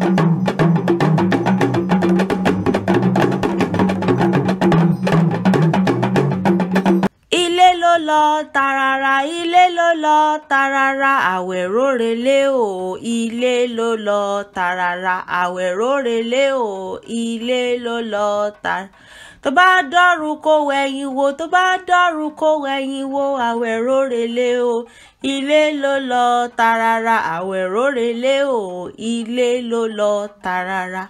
ilé ló lọ tààràrà ilé ló lọ tààràrà àwẹ̀ rórelé o ilé ló lọ tààràrà àwẹ̀ rórelé o ilé ló lọ tààràrà. tó bá dọ́rùn kó wẹ̀yìn wo tó bá dọ́rùn kó wẹ̀yìn wo àwẹ̀rò relé o ilé ló lọ tarara àwẹ̀rò relé o ilé ló lọ tarara.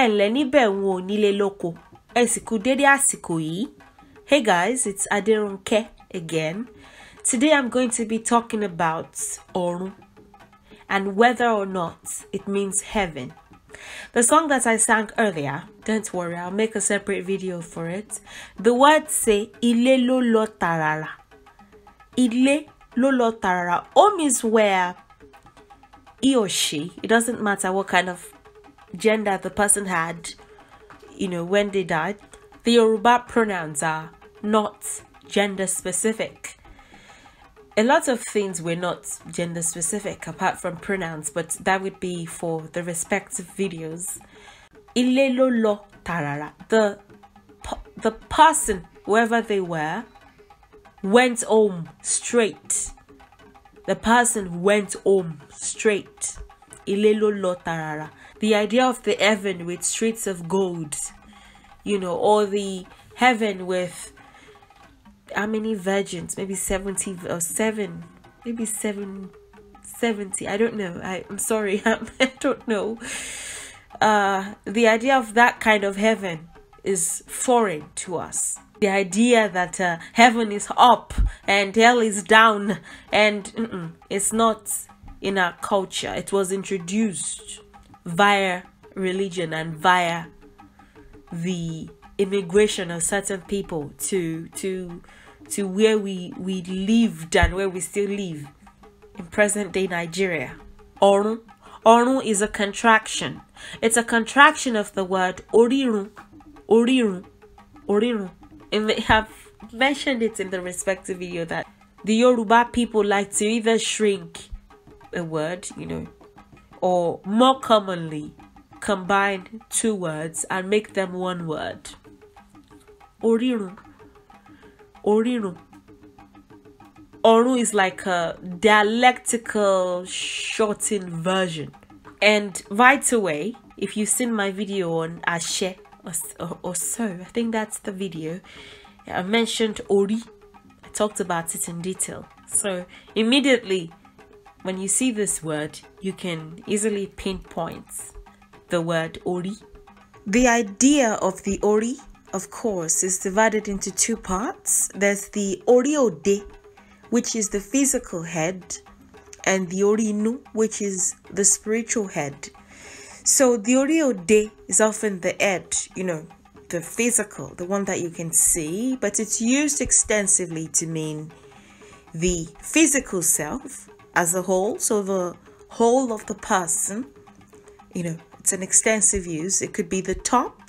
ẹ ǹlẹ́ níbẹ̀ ń wò nílé lóko ẹ sì kú dédé àsìkò yìí. Hey guys, it's Aderunke again. Today I'm going to be talking about ọ̀run and whether or not it means heaven. The song that I sang earlier, don't worry, I'll make a separate video for it. The words say Ile lo lo tarara. Ile lo lo tarara. Home is where he or she, it doesn't matter what kind of gender the person had, you know, when they died, the Yoruba pronouns are not gender specific a lot of things were not gender specific apart from pronouns, but that would be for the respective videos. Ilelolo tarara. The the person, whoever they were, went home straight. The person went home straight. Ilelolo tarara. The idea of the heaven with streets of gold, you know, or the heaven with how many virgins maybe 70 or 7 maybe 7 70 i don't know I, i'm sorry i do not know uh the idea of that kind of heaven is foreign to us the idea that uh, heaven is up and hell is down and it's not in our culture it was introduced via religion and via the immigration of certain people to to to where we, we lived and where we still live in present day Nigeria. Orun. Orun is a contraction. It's a contraction of the word Orirun. Orirun. Orirun. And they have mentioned it in the respective video that the Yoruba people like to either shrink a word, you know, or more commonly combine two words and make them one word. Orirun. Orinu. Oru is like a dialectical shortened version. And right away, if you've seen my video on Ashe or, or so, I think that's the video, I mentioned Ori. I talked about it in detail. So immediately, when you see this word, you can easily pinpoint the word Ori. The idea of the Ori of course, is divided into two parts. There's the de, which is the physical head, and the orinu, which is the spiritual head. So the de is often the head, you know, the physical, the one that you can see, but it's used extensively to mean the physical self as a whole, so the whole of the person, you know, it's an extensive use. It could be the top,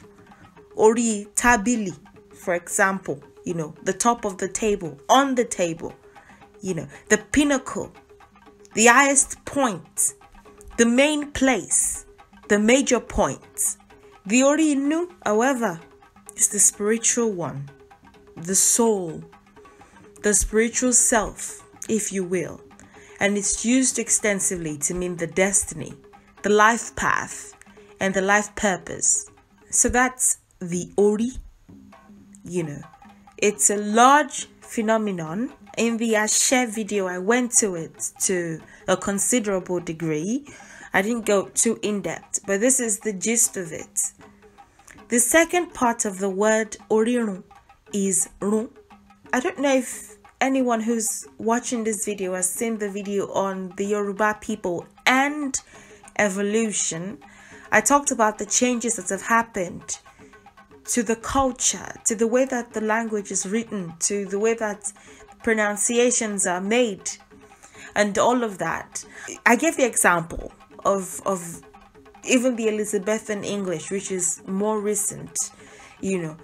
ori tabili, for example, you know, the top of the table, on the table, you know, the pinnacle, the highest point, the main place, the major point. The ori nu, however, is the spiritual one, the soul, the spiritual self, if you will, and it's used extensively to mean the destiny, the life path, and the life purpose. So that's the Ori. You know, it's a large phenomenon. In the share video, I went to it to a considerable degree. I didn't go too in depth, but this is the gist of it. The second part of the word Orirun is Run. I don't know if anyone who's watching this video has seen the video on the Yoruba people and evolution. I talked about the changes that have happened to the culture, to the way that the language is written, to the way that pronunciations are made, and all of that. I gave the example of, of even the Elizabethan English, which is more recent, you know.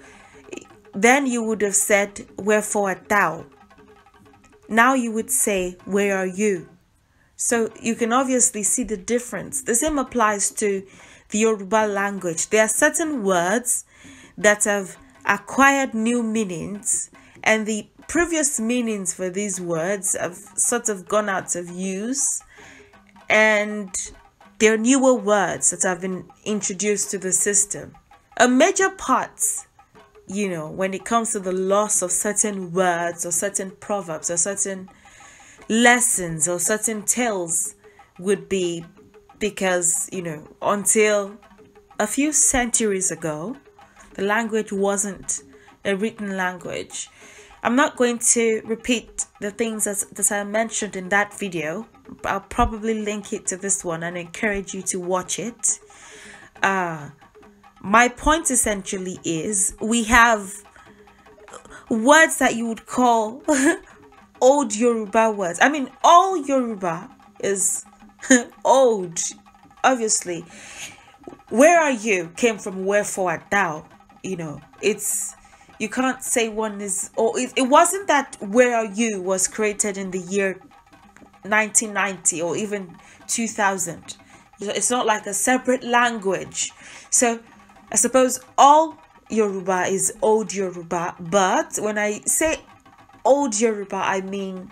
Then you would have said, Wherefore art thou? Now you would say, Where are you? So you can obviously see the difference. The same applies to the Yoruba language. There are certain words that have acquired new meanings and the previous meanings for these words have sort of gone out of use and there are newer words that have been introduced to the system. A major part, you know, when it comes to the loss of certain words or certain proverbs or certain lessons or certain tales would be because, you know, until a few centuries ago, the language wasn't a written language. I'm not going to repeat the things that, that I mentioned in that video. I'll probably link it to this one and encourage you to watch it. Uh, my point essentially is we have words that you would call old Yoruba words. I mean, all Yoruba is old, obviously. Where are you came from wherefore art thou? you know it's you can't say one is or it, it wasn't that where are you was created in the year 1990 or even 2000 it's not like a separate language so i suppose all yoruba is old yoruba but when i say old yoruba i mean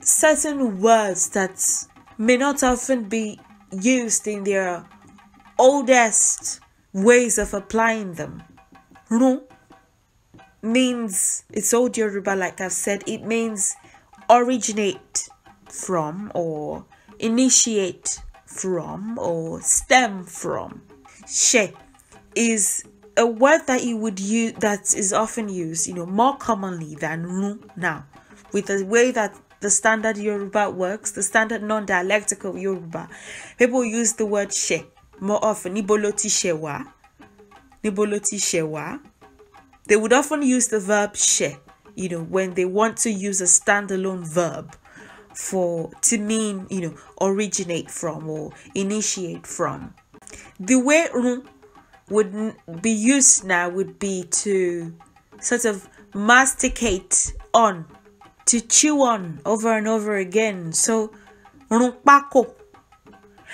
certain words that may not often be used in their oldest ways of applying them. Ru means, it's old Yoruba, like I've said, it means originate from or initiate from or stem from. She is a word that you would use that is often used, you know, more commonly than ru now, with the way that the standard Yoruba works, the standard non-dialectical Yoruba. People use the word she more often niboloti shewa, niboloti shewa. they would often use the verb she. you know when they want to use a standalone verb for to mean you know originate from or initiate from the way run would be used now would be to sort of masticate on to chew on over and over again so runpako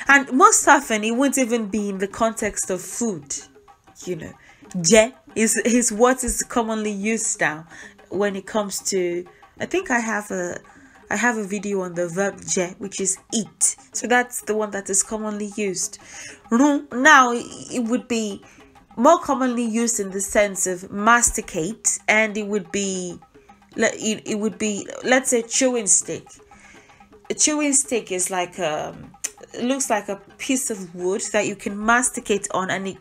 and most often, it won't even be in the context of food. You know, je is, is what is commonly used now when it comes to. I think I have a. I have a video on the verb je, which is eat. So that's the one that is commonly used. Now it would be more commonly used in the sense of masticate, and it would be, it, it would be, let's say chewing stick. A chewing stick is like um, looks like a piece of wood that you can masticate on and it,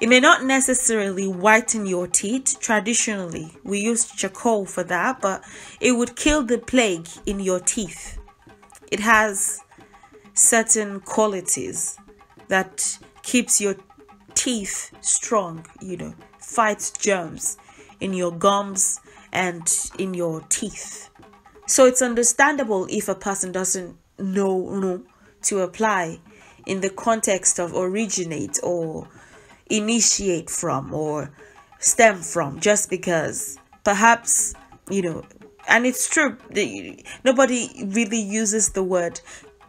it may not necessarily whiten your teeth. Traditionally, we use charcoal for that, but it would kill the plague in your teeth. It has certain qualities that keeps your teeth strong, you know, fights germs in your gums and in your teeth. So it's understandable if a person doesn't know, know to apply in the context of originate or initiate from or stem from just because perhaps you know and it's true nobody really uses the word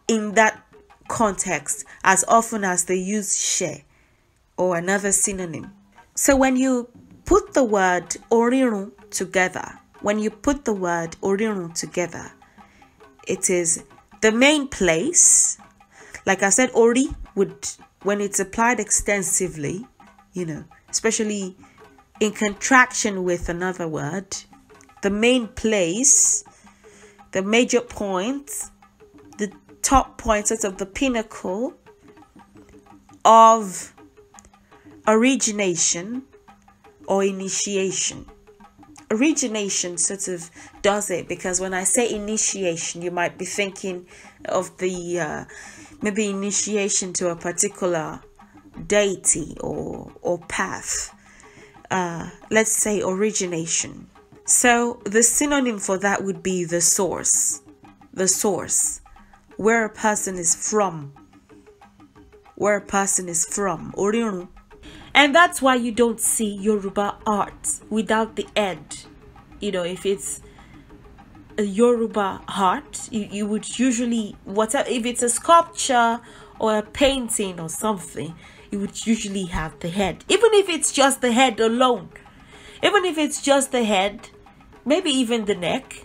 in that context as often as they use share or another synonym so when you put the word orirun together when you put the word orirun together it is the main place like I said, already would when it's applied extensively, you know, especially in contraction with another word, the main place, the major point, the top point, sort of the pinnacle of origination or initiation. Origination sort of does it because when I say initiation, you might be thinking of the uh, maybe initiation to a particular deity or or path uh, let's say origination so the synonym for that would be the source the source where a person is from where a person is from and that's why you don't see yoruba art without the ed you know if it's a Yoruba heart, you, you would usually whatever if it's a sculpture or a painting or something, you would usually have the head. Even if it's just the head alone. Even if it's just the head, maybe even the neck.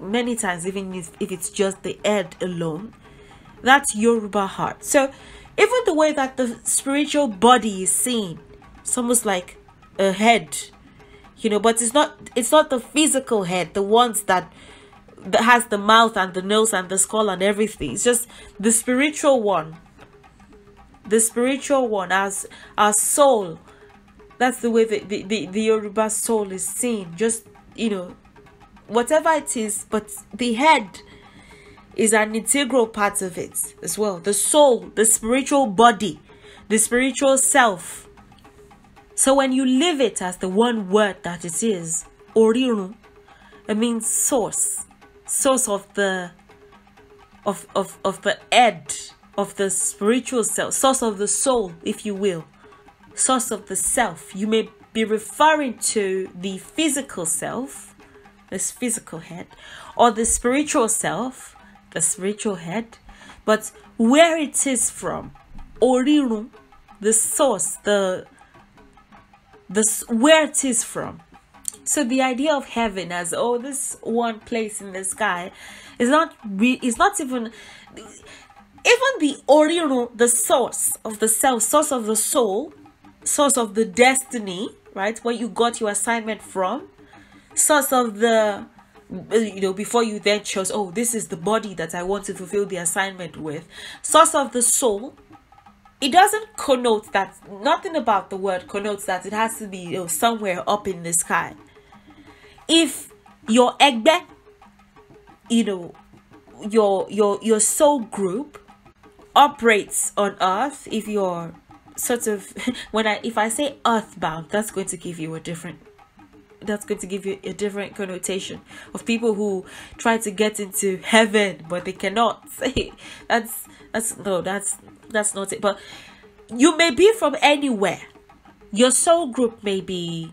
Many times, even if, if it's just the head alone, that's Yoruba heart. So even the way that the spiritual body is seen, it's almost like a head you know but it's not it's not the physical head the ones that that has the mouth and the nose and the skull and everything it's just the spiritual one the spiritual one as our soul that's the way the, the, the, the Yoruba soul is seen just you know whatever it is but the head is an integral part of it as well the soul the spiritual body the spiritual self so when you live it as the one word that it is, orirun, it means source, source of the of of of the head, of the spiritual self, source of the soul, if you will, source of the self. You may be referring to the physical self, this physical head, or the spiritual self, the spiritual head, but where it is from, orirun, the source, the this where it is from so the idea of heaven as oh this one place in the sky is not re- is not even even the original the source of the self source of the soul source of the destiny right where you got your assignment from source of the you know before you then chose oh this is the body that i want to fulfill the assignment with source of the soul it doesn't connote that nothing about the word connotes that it has to be you know, somewhere up in the sky if your egbe you know your your your soul group operates on earth if you're sort of when i if i say earthbound that's going to give you a different that's going to give you a different connotation of people who try to get into heaven but they cannot that's that's no that's that's not it. But you may be from anywhere. Your soul group may be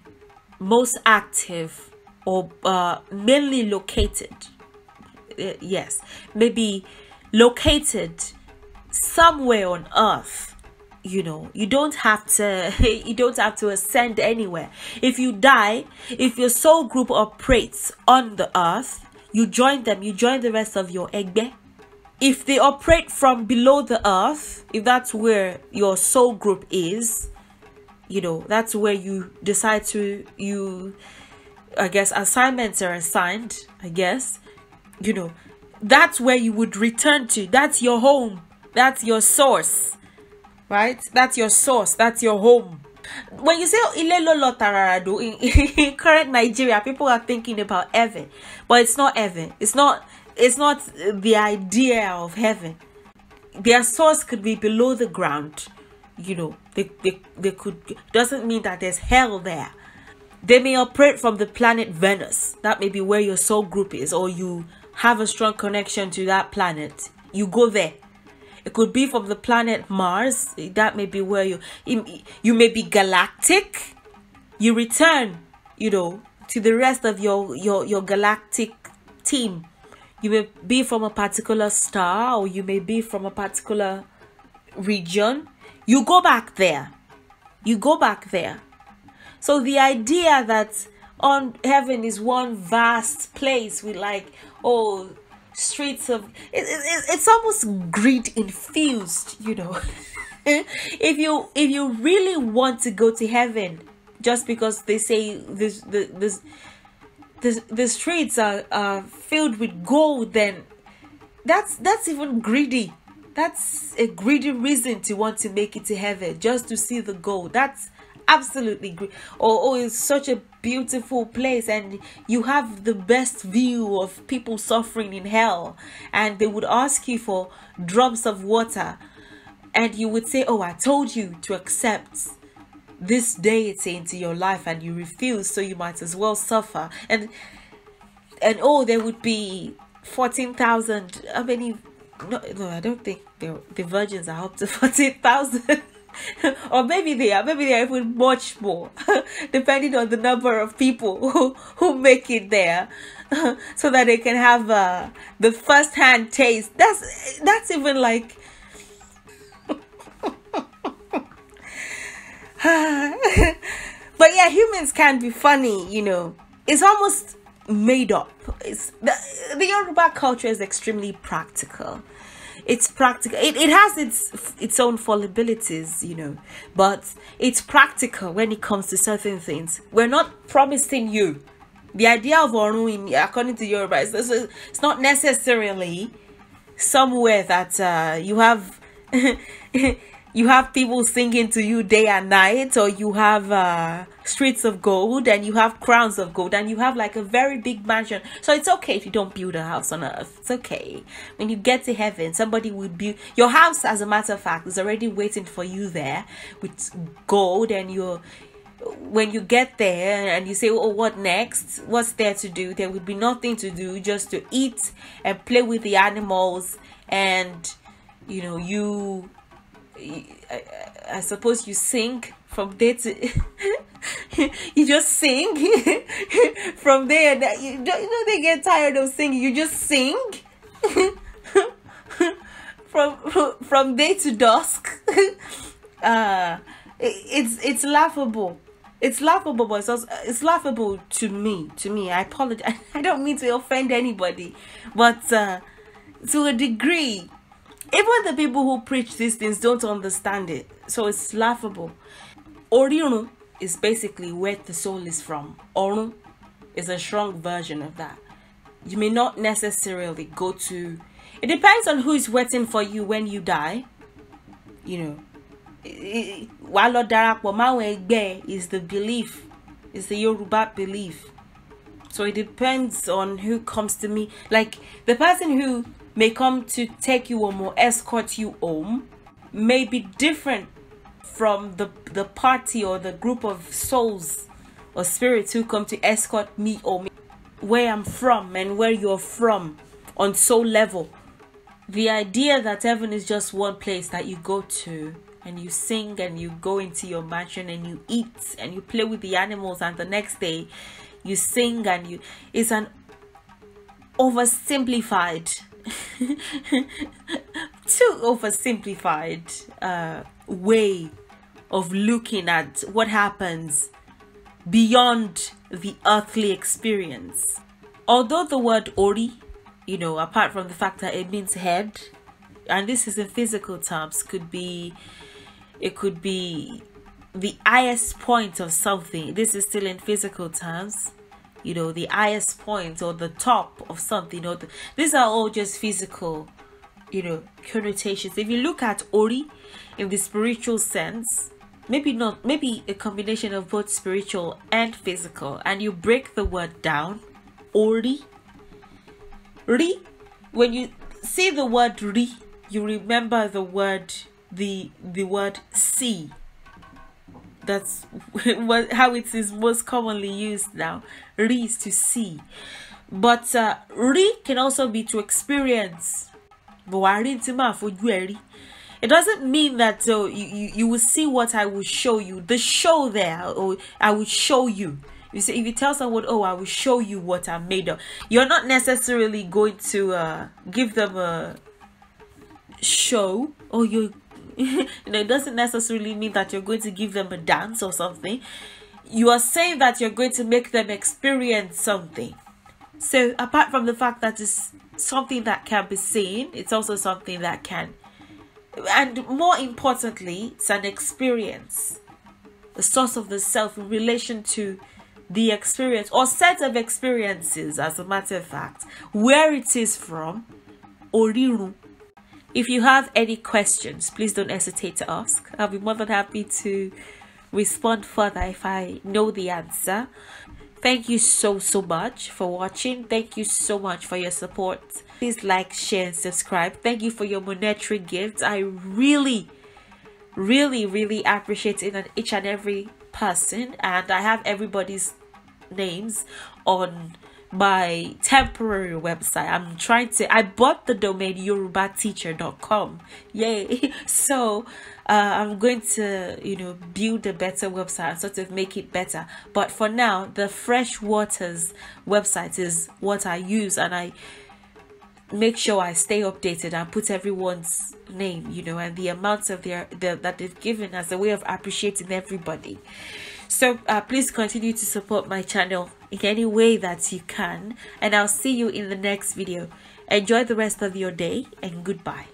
most active or uh, mainly located. Uh, yes, maybe located somewhere on earth you know you don't have to you don't have to ascend anywhere if you die if your soul group operates on the earth you join them you join the rest of your egbe if they operate from below the earth, if that's where your soul group is, you know, that's where you decide to, you, I guess, assignments are assigned, I guess, you know, that's where you would return to. That's your home. That's your source, right? That's your source. That's your home. When you say oh, ile lolo tararado in, in current Nigeria, people are thinking about heaven, but it's not heaven. It's not it's not the idea of heaven. Their source could be below the ground. You know, they, they, they could, doesn't mean that there's hell there. They may operate from the planet Venus. That may be where your soul group is, or you have a strong connection to that planet. You go there. It could be from the planet Mars. That may be where you you may be galactic. You return, you know, to the rest of your your your galactic team you may be from a particular star or you may be from a particular region you go back there you go back there so the idea that on heaven is one vast place with like oh streets of it, it, it's almost greed infused you know if you if you really want to go to heaven just because they say this the, this the, the streets are, are filled with gold, then that's that's even greedy. That's a greedy reason to want to make it to heaven, just to see the gold. That's absolutely great or oh, oh, it's such a beautiful place and you have the best view of people suffering in hell and they would ask you for drops of water and you would say oh i told you to accept this day it's into your life and you refuse, so you might as well suffer. And and oh, there would be fourteen thousand. How many? No, no, I don't think the the virgins are up to fourteen thousand. or maybe they are, maybe they are even much more, depending on the number of people who, who make it there, so that they can have uh, the first hand taste. That's that's even like but yeah, humans can be funny, you know. It's almost made up. It's the, the Yoruba culture is extremely practical. It's practical. It, it has its its own fallibilities, you know, but it's practical when it comes to certain things. We're not promising you. The idea of Orun, according to Yoruba, is it's not necessarily somewhere that uh, you have you have people singing to you day and night, or you have uh, streets of gold, and you have crowns of gold, and you have like a very big mansion. So it's okay if you don't build a house on earth. It's okay. When you get to heaven, somebody will build your house. As a matter of fact, is already waiting for you there with gold, and you're when you get there and you say, Oh, what next? What's there to do? There would be nothing to do just to eat and play with the animals and you know, you I, I suppose you sing from day to you just sing from there you don't you know they get tired of singing you just sing from from day to dusk uh it's it's laughable it's laughable but it's, it's laughable to me to me i apologize i don't mean to offend anybody but uh to a degree even the people who preach these things don't understand it so it's laughable orinu is basically where the soul is from orun is a strong version of that you may not necessarily go to it depends on who is waiting for you when you die you know wàá darapọ̀ is the belief is the Yoruba belief so it depends on who comes to me like the person who may come to take you home or escort you home may be different from the the party or the group of souls or spirits who come to escort me or me, where I'm from and where you're from on soul level. The idea that heaven is just one place that you go to and you sing and you go into your mansion and you eat and you play with the animals and the next day you sing and you is an oversimplified too oversimplified uh, way of looking at what happens beyond the earthly experience. Although the word ori, you know, apart from the fact that it means head, and this is in physical terms, could be, it could be the highest point of something. This is still in physical terms you know the highest point or the top of something or the, these are all just physical you know connotations if you look at ori in the spiritual sense maybe not maybe a combination of both spiritual and physical and you break the word down ori ri when you see the word ri you remember the word the the word see that's what, how it is most commonly used now re is to see but uh, re can also be to experience it doesn't mean that uh, you, you, you will see what I will show you. The show there, or oh, I will show you. You see, if you tell someone, "Oh, I will show you what I'm made of," you're not necessarily going to uh, give them a show. Oh, you you know, it doesn't necessarily mean that you're going to give them a dance or something. You are saying that you're going to make them experience something. So, apart from the fact that it's something that can be seen, it's also something that can, and more importantly, it's an experience, the source of the self in relation to the experience or set of experiences, as a matter of fact, where it is from, orirun, if you have any questions, please don't hesitate to ask. I'll be more than happy to respond further if I know the answer. Thank you so, so much for watching. Thank you so much for your support. Please like, share, and subscribe. Thank you for your monetary gifts. I really, really, really appreciate it and each and every person. And I have everybody's names on my temporary website. I'm trying to I bought the domain yorubateacher.com. Yay. So uh, I'm going to, you know, build a better website and sort of make it better. But for now, the Fresh Waters website is what I use and I make sure I stay updated and put everyone's name, you know, and the amounts of their the, that they've given as a way of appreciating everybody. So uh, please continue to support my channel in any way that you can. And I'll see you in the next video. Enjoy the rest of your day and goodbye.